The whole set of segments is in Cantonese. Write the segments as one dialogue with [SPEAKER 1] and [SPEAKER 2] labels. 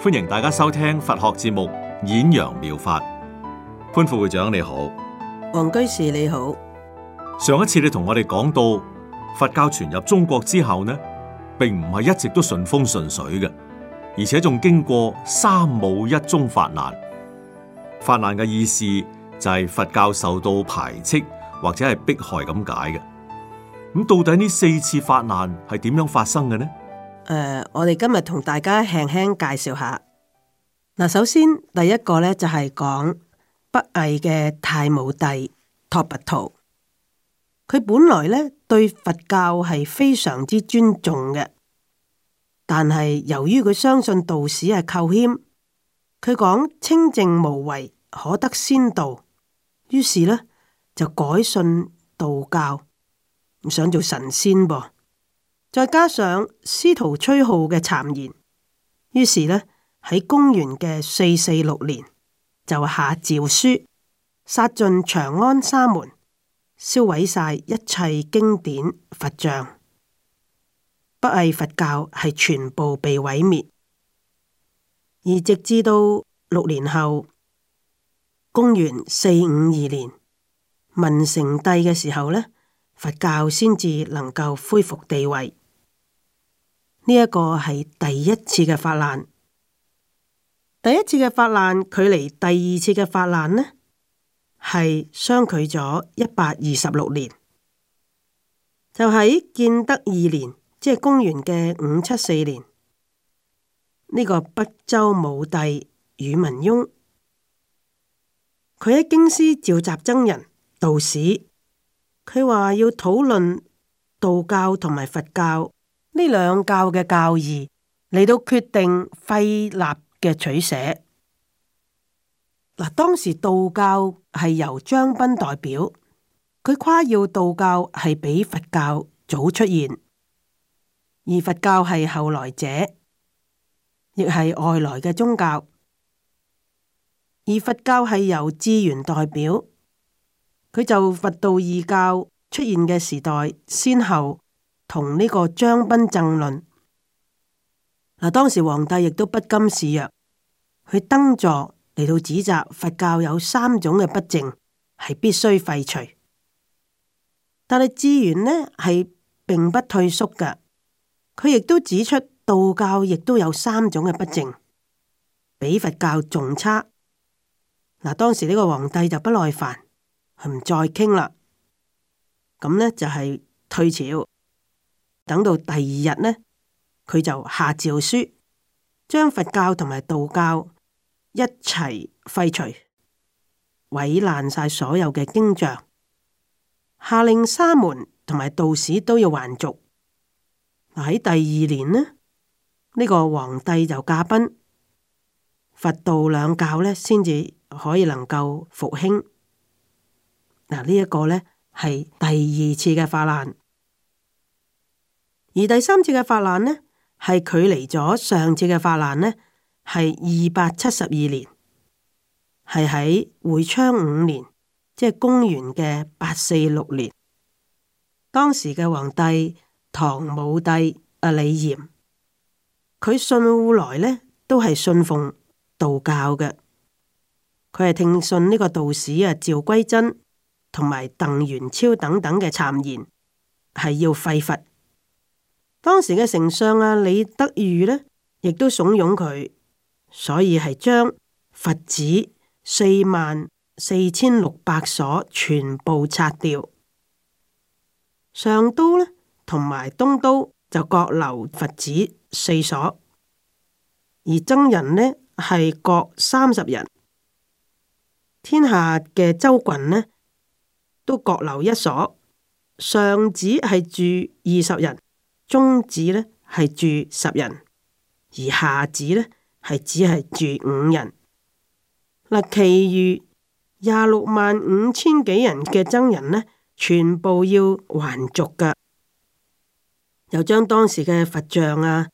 [SPEAKER 1] 歡迎大家收聽佛學節目《演揚妙法》。潘副會長你好，
[SPEAKER 2] 黃居士你好。
[SPEAKER 1] 上一次你同我哋講到佛教傳入中國之後呢，並唔係一直都順風順水嘅，而且仲經過三武一宗法難。法難嘅意思就係佛教受到排斥或者係迫害咁解嘅。咁到底呢四次法難係點
[SPEAKER 2] 樣發生嘅呢？誒，uh, 我哋今日同大家輕輕介紹下。嗱，首先第一個呢就係講北魏嘅太武帝拓跋燾，佢本來呢對佛教係非常之尊重嘅，但係由於佢相信道士係寇謙，佢講清淨無為可得仙道，於是呢就改信道教，唔想做神仙噃、啊。再加上司徒崔浩嘅讒言，於是呢，喺公元嘅四四六年就下詔書，殺盡長安沙門，銷毀晒一切經典佛像，北魏佛教係全部被毀滅。而直至到六年後，公元四五二年，文成帝嘅時候呢，佛教先至能夠恢復地位。呢一個係第一次嘅法難，第一次嘅法難，距離第二次嘅法難呢，係相距咗一百二十六年。就喺、是、建德二年，即係公元嘅五七四年，呢、這個北周武帝宇文邕，佢喺京師召集僧人道士，佢話要討論道教同埋佛教。呢兩教嘅教義嚟到決定廢立嘅取捨。嗱，當時道教係由張賓代表，佢誇耀道教係比佛教早出現，而佛教係後來者，亦係外來嘅宗教。而佛教係由智源代表，佢就佛道二教出現嘅時代先後。同呢個張賓爭論，嗱，當時皇帝亦都不甘示弱，佢登座嚟到指責佛教有三種嘅不正，係必須廢除。但係志源呢係並不退縮嘅，佢亦都指出道教亦都有三種嘅不正，比佛教仲差。嗱，當時呢個皇帝就不耐煩，佢唔再傾啦，咁呢就係退朝。等到第二日呢，佢就下詔書，將佛教同埋道教一齊廢除，毀爛晒所有嘅經像，下令沙門同埋道士都要還俗。喺第二年呢，呢、呢個皇帝就駕崩，佛道兩教呢先至可以能夠復興。嗱，呢一個呢係第二次嘅法難。而第三次嘅法難呢，係距離咗上次嘅法難呢，係二百七十二年，係喺會昌五年，即係公元嘅八四六年，當時嘅皇帝唐武帝阿李炎，佢信烏來呢，都係信奉道教嘅。佢係聽信呢個道士啊趙歸真同埋鄧元超等等嘅讒言，係要廢佛，當時嘅丞相啊，李德裕呢，亦都慫恿佢，所以係將佛寺四萬四千六百所全部拆掉。上都呢，同埋東都就各留佛寺四所，而僧人呢，係各三十人。天下嘅州郡呢，都各留一所，上寺係住二十人。中寺呢係住十人，而下寺呢係只係住五人。嗱，其餘廿六萬五千幾人嘅僧人呢，全部要還俗噶又將當時嘅佛像啊、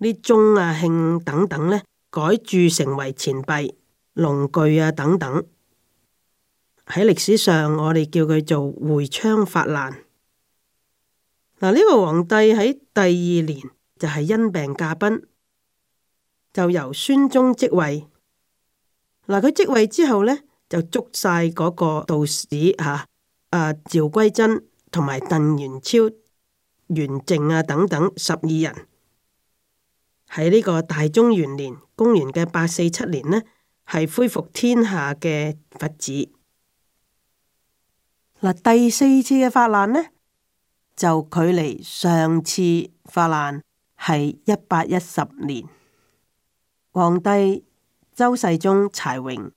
[SPEAKER 2] 啲鐘啊、磬等等呢，改鑄成為錢幣、農具啊等等。喺歷史上，我哋叫佢做會昌法難。嗱，呢個皇帝喺第二年就係因病駕崩，就由宣宗即位。嗱，佢即位之後呢，就捉晒嗰個道士吓，啊趙歸、啊、真同埋鄧元超、元靖啊等等十二人。喺呢個大中元年，公元嘅八四七年呢，係恢復天下嘅佛寺。嗱，第四次嘅法難呢。就距離上次發難係一百一十年，皇帝周世宗柴榮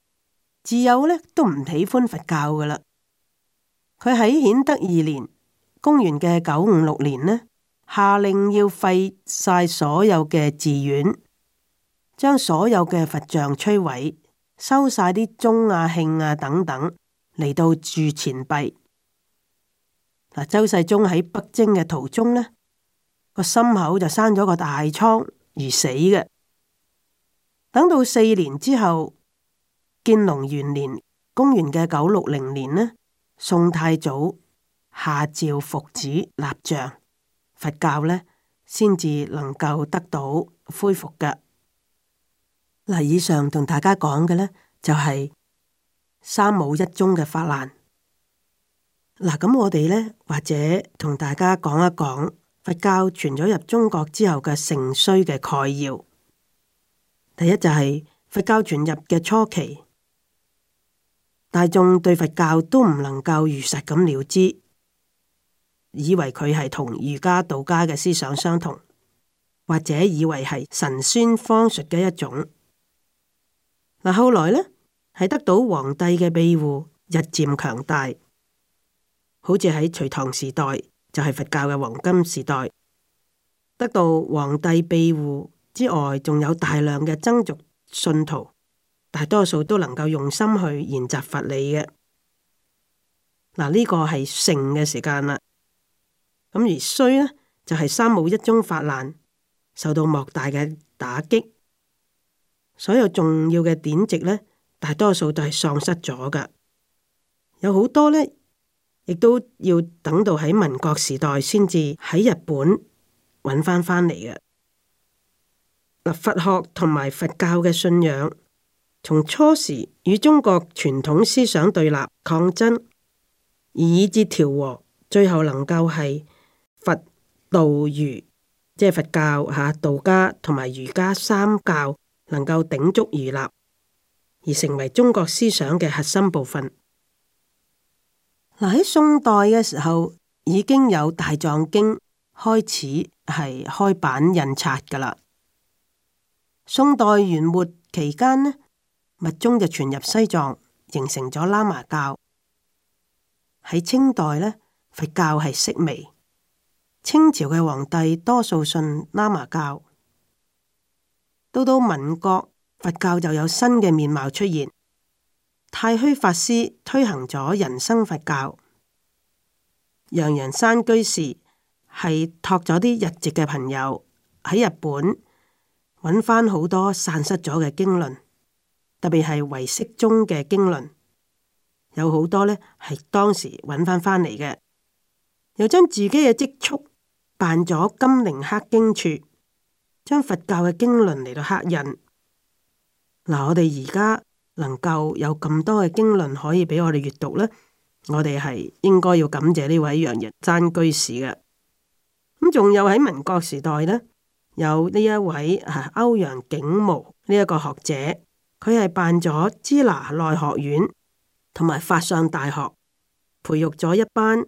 [SPEAKER 2] 自幼呢都唔喜歡佛教噶啦，佢喺顯德二年（公元嘅九五六年）呢，下令要廢晒所有嘅寺院，將所有嘅佛像摧毀，收晒啲鐘啊、磬啊等等嚟到鑄錢幣。嗱，周世宗喺北征嘅途中呢，個心口就生咗個大瘡而死嘅。等到四年之後，建隆元年，公元嘅九六零年呢，宋太祖下詔復旨立像佛教呢，先至能夠得到恢復嘅。嗱，以上同大家講嘅呢，就係、是、三武一宗嘅法難。嗱，咁我哋呢，或者同大家講一講佛教傳咗入中國之後嘅盛衰嘅概要。第一就係、是、佛教傳入嘅初期，大眾對佛教都唔能夠如實咁了知，以為佢係同儒家、道家嘅思想相同，或者以為係神仙方術嘅一種。嗱，後來呢，係得到皇帝嘅庇護，日漸強大。好似喺隋唐時代，就係、是、佛教嘅黃金時代，得到皇帝庇護之外，仲有大量嘅僧俗信徒，大多數都能夠用心去研習佛理嘅。嗱、這個，呢個係盛嘅時間啦。咁而衰呢，就係、是、三武一宗法難，受到莫大嘅打擊，所有重要嘅典籍呢，大多數都係喪失咗噶，有好多呢。亦都要等到喺民國時代，先至喺日本揾翻翻嚟嘅。佛學同埋佛教嘅信仰，從初時與中國傳統思想對立抗爭，而以至調和，最後能夠係佛道儒，即係佛教吓道家同埋儒家三教能夠鼎足而立，而成為中國思想嘅核心部分。嗱喺宋代嘅時候，已經有《大藏經》開始係開版印刷噶啦。宋代元末期間咧，密宗就傳入西藏，形成咗喇嘛教。喺清代呢，佛教係式微，清朝嘅皇帝多數信喇嘛教。到到民國，佛教就有新嘅面貌出現。太虛法師推行咗人生佛教，楊仁山居士係託咗啲日籍嘅朋友喺日本揾翻好多散失咗嘅經論，特別係唯識宗嘅經論，有好多呢係當時揾翻返嚟嘅，又將自己嘅積蓄辦咗金陵刻經處，將佛教嘅經論嚟到刻印。嗱，我哋而家。能夠有咁多嘅經論，可以俾我哋閱讀呢，我哋係應該要感謝呢位楊仁山居士嘅。咁仲有喺民國時代呢，有呢一位啊歐陽竟無呢一個學者，佢係辦咗支那內學院同埋法相大學，培育咗一班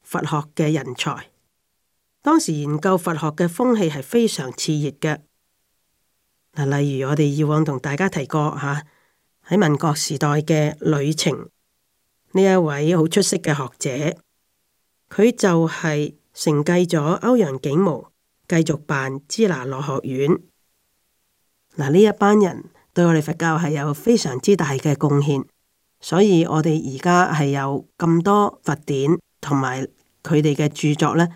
[SPEAKER 2] 佛學嘅人才。當時研究佛學嘅風氣係非常熾熱嘅。嗱，例如我哋以往同大家提過吓，喺民國時代嘅呂澄，呢一位好出色嘅學者，佢就係承繼咗歐陽景模，繼續辦支那內學院。嗱，呢一班人對我哋佛教係有非常之大嘅貢獻，所以我哋而家係有咁多佛典同埋佢哋嘅著作呢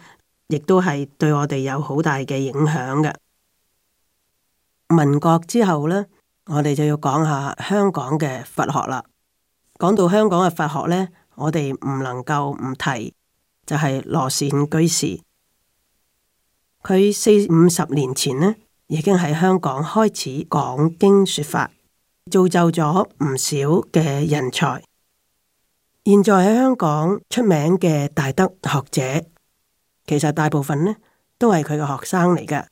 [SPEAKER 2] 亦都係對我哋有好大嘅影響嘅。民國之後呢。我哋就要講下香港嘅佛學啦。講到香港嘅佛學呢，我哋唔能夠唔提，就係羅善居士。佢四五十年前呢已經喺香港開始講經說法，造就咗唔少嘅人才。現在喺香港出名嘅大德學者，其實大部分呢都係佢嘅學生嚟嘅，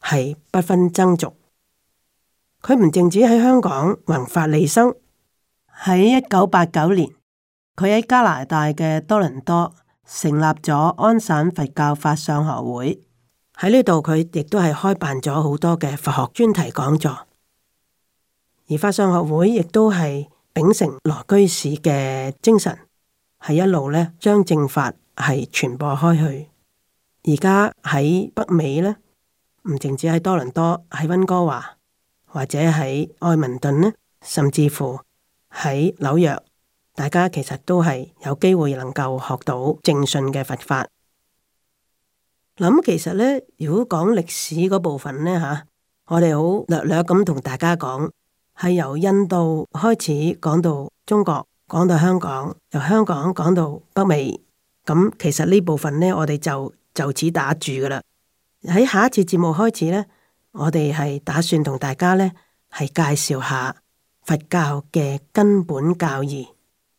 [SPEAKER 2] 係不分僧俗。佢唔淨止喺香港弘法利生，喺一九八九年，佢喺加拿大嘅多倫多成立咗安省佛教法相學會。喺呢度佢亦都係開辦咗好多嘅佛學專題講座，而法相學會亦都係秉承羅居士嘅精神，係一路呢將正法係傳播開去。而家喺北美呢，唔淨止喺多倫多，喺溫哥華。或者喺愛民頓咧，甚至乎喺紐約，大家其實都係有機會能夠學到正信嘅佛法。咁其實呢，如果講歷史嗰部分呢，吓、啊，我哋好略略咁同大家講，係由印度開始講到中國，講到香港，由香港講到北美。咁、嗯、其實呢部分呢，我哋就就此打住噶啦。喺下一次節目開始呢。我哋係打算同大家呢係介紹下佛教嘅根本教義，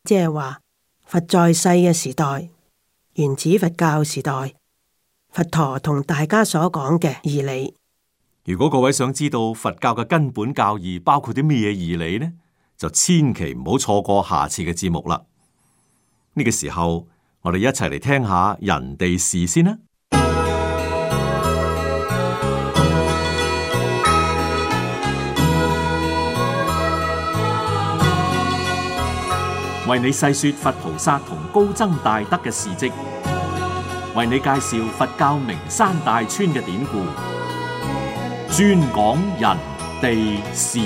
[SPEAKER 2] 即係話佛在世嘅時代，原始佛教時代，佛陀同大家所講嘅義理。
[SPEAKER 1] 如果各位想知道佛教嘅根本教義包括啲咩嘢義理呢，就千祈唔好錯過下次嘅節目啦。呢個時候，我哋一齊嚟聽下人哋事先啦、啊。為你細說佛菩薩同高僧大德嘅事蹟，為你介紹佛教名山大川嘅典故，專講人地事。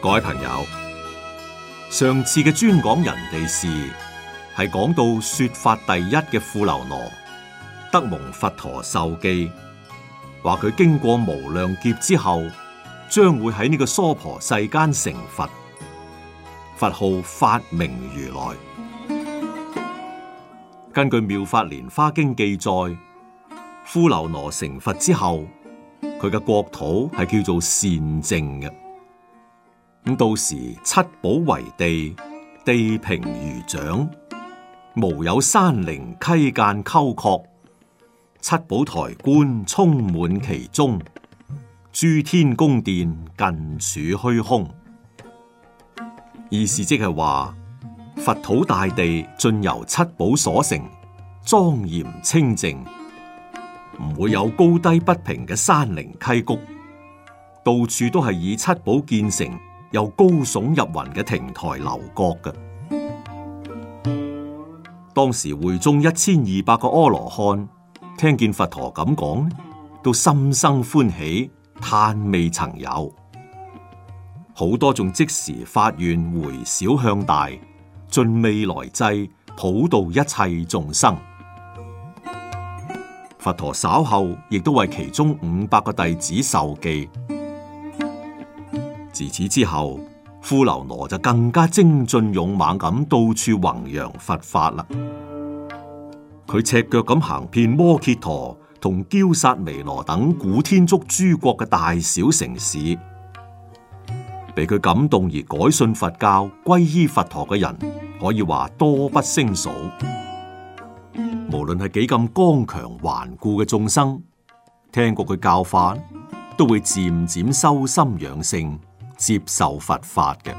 [SPEAKER 1] 各位朋友，上次嘅專講人地事係講到說法第一嘅富樓那。德蒙佛陀授記，話佢經過無量劫之後，將會喺呢個娑婆世間成佛，佛號法明如來。根據《妙法蓮花經》記載，富樓那成佛之後，佢嘅國土係叫做善淨嘅。咁到時七寶為地，地平如掌，無有山陵溪澗溝壑。七寶臺觀充滿其中，諸天宮殿近處虛空。意思即係話，佛土大地盡由七寶所成，莊嚴清淨，唔會有高低不平嘅山嶺溪谷，到處都係以七寶建成又高聳入雲嘅亭臺樓閣嘅。當時會中一千二百個阿羅漢。聽見佛陀咁講，都心生歡喜，嘆未曾有。好多仲即時發願回小向大，盡未來際普渡一切眾生。佛陀稍後亦都為其中五百個弟子授記。自此之後，富樓那就更加精進勇猛咁，到處弘揚佛法啦。佢赤腳咁行遍摩羯陀同鳩薩彌羅等古天竺諸國嘅大小城市，被佢感動而改信佛教，皈依佛陀嘅人，可以話多不勝數。無論係幾咁剛強頑固嘅眾生，聽過佢教法，都會漸漸修心養性，接受佛法嘅。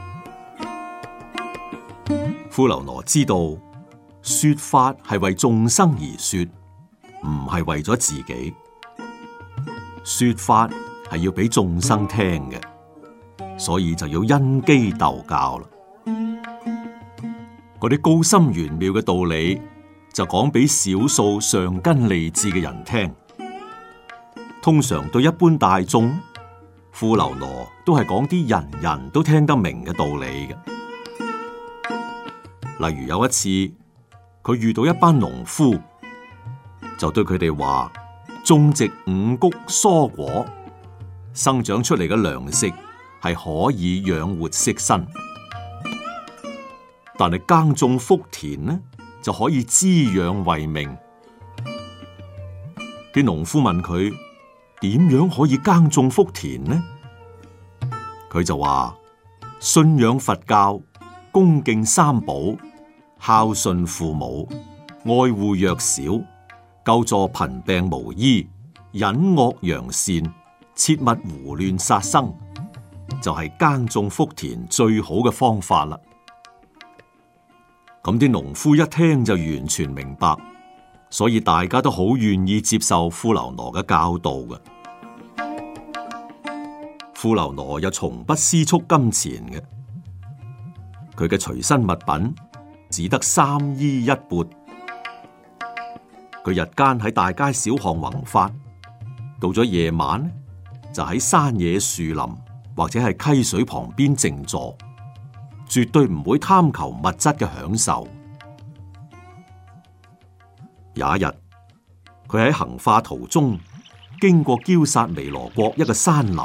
[SPEAKER 1] 富樓那知道。說法係為眾生而說，唔係為咗自己。說法係要俾眾生聽嘅，所以就要因機逗教啦。嗰啲高深玄妙嘅道理就講俾少數上根利智嘅人聽，通常對一般大眾、富樓那都係講啲人人都聽得明嘅道理嘅。例如有一次。佢遇到一班農夫，就對佢哋話：種植五穀蔬果，生長出嚟嘅糧食係可以養活色身；但係耕種福田呢，就可以滋養慧命。啲農夫問佢：點樣可以耕種福田呢？佢就話：信仰佛教，恭敬三寶。孝順父母、愛護弱小、救助貧病無醫、隱惡揚善、切勿胡亂殺生，就係、是、耕種福田最好嘅方法啦。咁啲農夫一聽就完全明白，所以大家都好願意接受富樓那嘅教導嘅。富樓那又從不私蓄金錢嘅，佢嘅隨身物品，只得三衣一缽，佢日間喺大街小巷弘法，到咗夜晚就喺山野樹林或者係溪水旁邊靜坐，絕對唔會貪求物質嘅享受。有一日，佢喺行化途中經過焦剎尼羅國一個山林，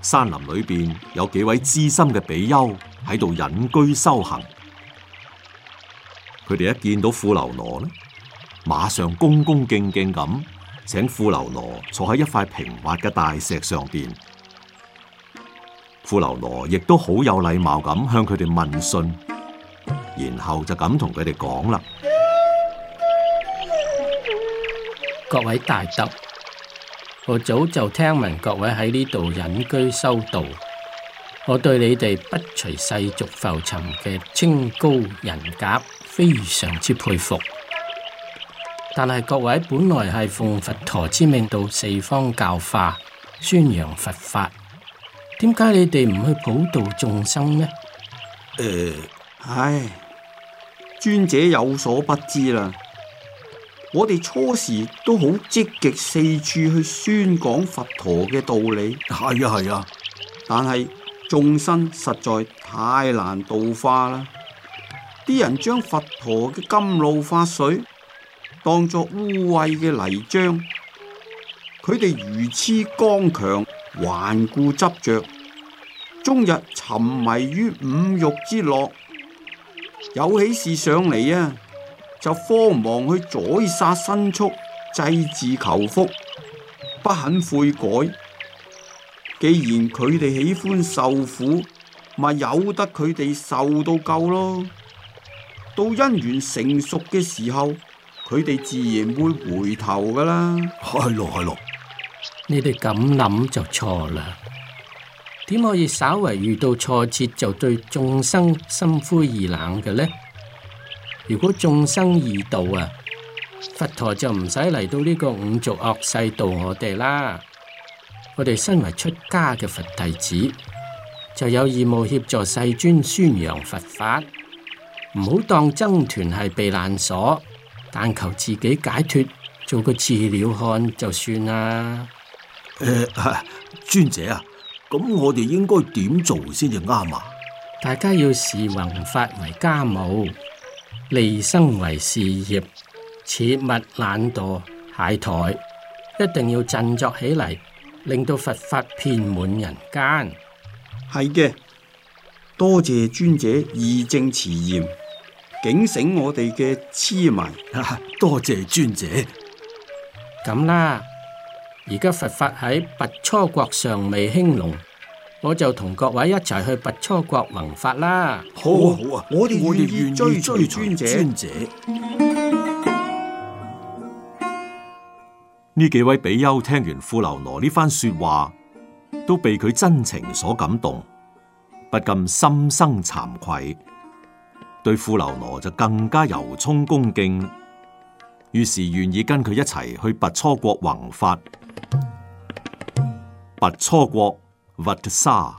[SPEAKER 1] 山林裏邊有幾位資深嘅比丘。喺度隱居修行，佢哋一見到富樓那呢，馬上恭恭敬敬咁請富樓那坐喺一塊平滑嘅大石上邊。富樓那亦都好有禮貌咁向佢哋問訊，然後就咁同佢哋講啦：
[SPEAKER 3] 各位大德，我早就聽聞各位喺呢度隱居修道。我對你哋不隨世俗浮沉嘅清高人格非常之佩服，但係各位本來係奉佛陀之命到四方教化，宣揚佛法，點解你哋唔去普度眾生呢？
[SPEAKER 4] 呃，唉，
[SPEAKER 3] 尊者有
[SPEAKER 4] 所不知啦，我哋初時都好積極四處去宣講佛陀嘅道理，係啊、嗯、係啊，但係。眾生實在太難度化啦！啲人將佛陀嘅甘露法水當作污穢嘅泥漿，佢哋如此剛強、頑固執着，終日沉迷於五欲之樂，有喜事上嚟啊，就慌忙去宰殺牲畜、祭祀求福，不肯悔改。既然佢哋喜歡受苦，咪由得佢哋受到夠咯。到因緣成熟嘅時候，佢哋自然會回頭噶啦。係咯係
[SPEAKER 3] 咯，你哋咁諗就錯啦。點可以稍為遇到挫折就對眾生心灰意冷嘅呢？如果眾生易度啊，佛陀就唔使嚟到呢個五濁惡世度我哋啦。我哋身為出家嘅佛弟子，就有義務協助世尊宣揚佛法，唔好當僧團係避難所，但求自己解脱，做個自了漢就算啦。誒、呃，尊者啊，咁我哋應該點做先至啱啊？大家要視弘法為家務，利生為事業，切勿懶惰懈怠，一定要振作起嚟，令到佛法遍滿人間，係嘅。多謝尊者義正詞嚴，警醒我哋嘅痴迷。多謝尊者。咁啦，而家佛法喺拔初國尚未興隆，我就同各位一齊去拔初國弘法啦。好啊好
[SPEAKER 1] 啊，我哋我願追追尊者。尊者呢幾位比丘聽完富樓那呢番說話，都被佢真情所感動，不禁心生慚愧，對富樓那就更加由衷恭敬。於是願意跟佢一齊去拔初國弘法。拔初國 （Vatsa）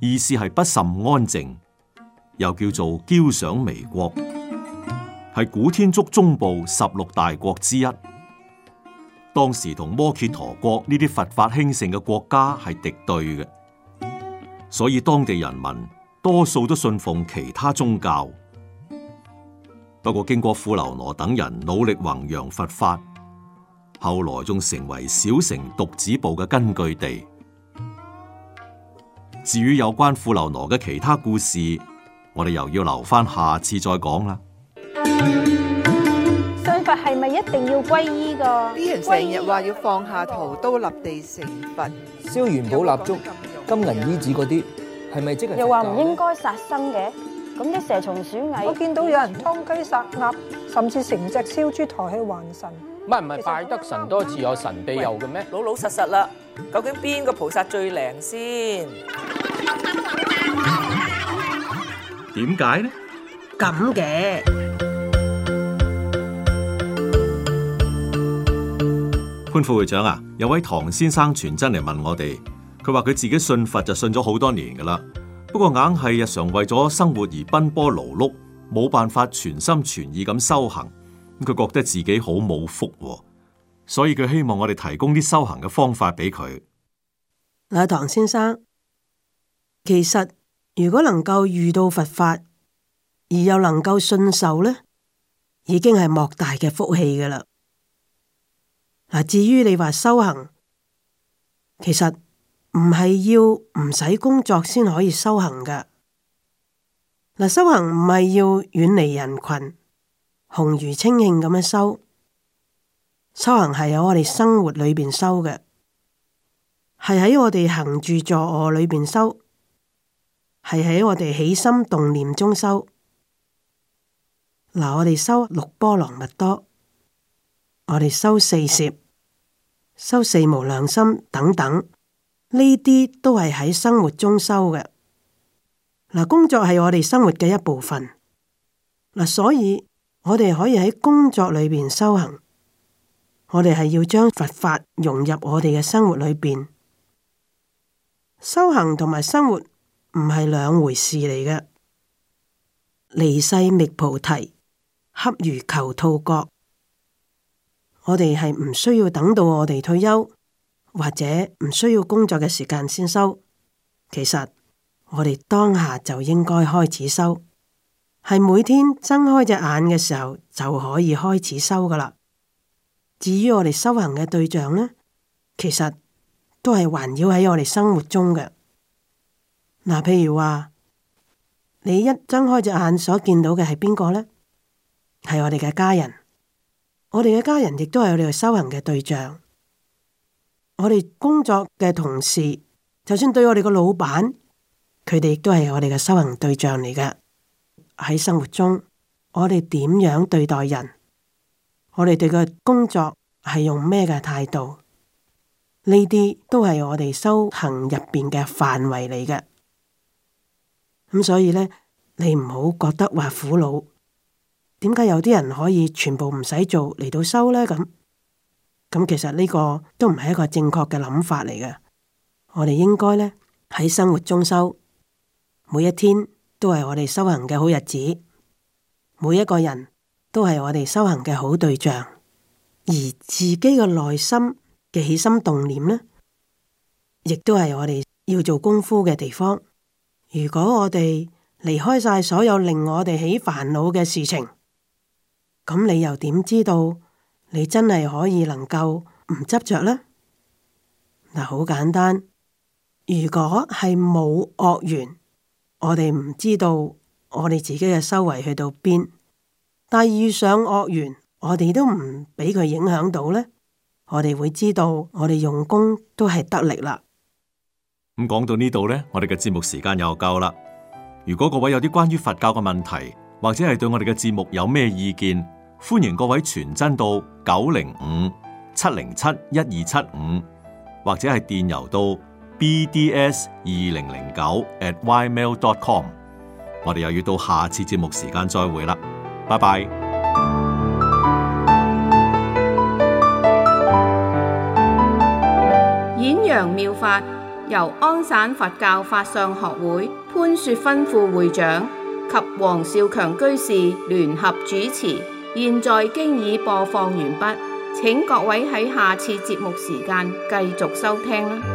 [SPEAKER 1] 意思係不甚安靜，又叫做憍賞彌國，係古天竺中部十六大國之一。當時同摩羯陀國呢啲佛法興盛嘅國家係敵對嘅，所以當地人民多數都信奉其他宗教。不過經過富樓那等人努力弘揚佛法，後來仲成為小乘犢子部嘅根據地。至於有關富樓那嘅其他故事，我哋又要留返下，下次再講啦。
[SPEAKER 3] 係咪一定要皈依噶？啲人成日話要放下
[SPEAKER 2] 屠刀立地成
[SPEAKER 3] 佛，燒元寶蠟燭、金銀衣紙嗰啲，係咪即係？又話唔應該
[SPEAKER 2] 殺生嘅，咁啲蛇蟲鼠蟻，我見到有人劏雞殺鴨，甚至成隻燒豬抬去還神。
[SPEAKER 3] 唔係唔係，拜得神多自有神庇佑嘅咩？老老實實啦，究竟邊個菩薩最靈先？
[SPEAKER 1] 點解呢？
[SPEAKER 2] 咁嘅。
[SPEAKER 1] 潘副會長啊，有位唐先生傳真嚟，問我哋，佢話佢自己信佛就信咗好多年噶啦，不過硬係日常為咗生活而奔波勞碌，冇辦法全心全意咁修行。咁佢覺得自己好冇福，所以佢希望我哋提供啲修行嘅方法俾佢。
[SPEAKER 2] 嗱，唐先生，其實如果能夠遇到佛法，而又能夠信受咧，已經係莫大嘅福氣噶啦。至於你話修行，其實唔係要唔使工作先可以修行㗎。嗱，修行唔係要遠離人群，紅魚青磬咁樣修。修行係喺我哋生活裏邊修嘅，係喺我哋行住坐卧裏邊修，係喺我哋起心動念中修。嗱，我哋修六波羅蜜多，我哋修四攝。修四無量心等等，呢啲都係喺生活中修嘅。嗱，工作係我哋生活嘅一部分，嗱，所以我哋可以喺工作裏邊修行。我哋係要將佛法融入我哋嘅生活裏邊。修行同埋生活唔係兩回事嚟嘅。離世覓菩提，恰如求兔角。我哋係唔需要等到我哋退休或者唔需要工作嘅時間先修，其實我哋當下就應該開始修，係每天睜開隻眼嘅時候就可以開始修㗎喇。至於我哋修行嘅對象呢，其實都係環繞喺我哋生活中嘅。嗱，譬如話你一睜開隻眼所見到嘅係邊個呢？係我哋嘅家人。我哋嘅家人亦都係我哋嘅修行嘅對象，我哋工作嘅同事，就算對我哋個老闆，佢哋亦都係我哋嘅修行對象嚟嘅。喺生活中，我哋點樣對待人，我哋對個工作係用咩嘅態度，呢啲都係我哋修行入邊嘅範圍嚟嘅。咁所以呢，你唔好覺得話苦惱。點解有啲人可以全部唔使做嚟到修呢？咁咁其實呢個都唔係一個正確嘅諗法嚟嘅。我哋應該呢，喺生活中修，每一天都係我哋修行嘅好日子，每一個人都係我哋修行嘅好對象。而自己嘅內心嘅起心動念呢，亦都係我哋要做功夫嘅地方。如果我哋離開晒所有令我哋起煩惱嘅事情，咁你又點知道？你真係可以能夠唔執着呢？嗱，好簡單。如果係冇惡緣，我哋唔知道我哋自己嘅修為去到邊。但遇上惡緣，我哋都唔俾佢影響到呢，我哋會知道我哋用功都係得力啦。
[SPEAKER 1] 咁講到呢度呢，我哋嘅節目時間又夠啦。如果各位有啲關於佛教嘅問題，或者係對我哋嘅節目有咩意見？歡迎各位傳真到九零五七零七一二七五，75，或者係電郵到 bds 二零零九 at ymail dot com。我哋又要到下次節目時間再會啦，拜拜。
[SPEAKER 3] 演揚妙法由安省佛教法相學會潘雪芬副會長及黃少強居士聯合主持。現在經已播放完畢，請各位喺下次節目時間繼續收聽。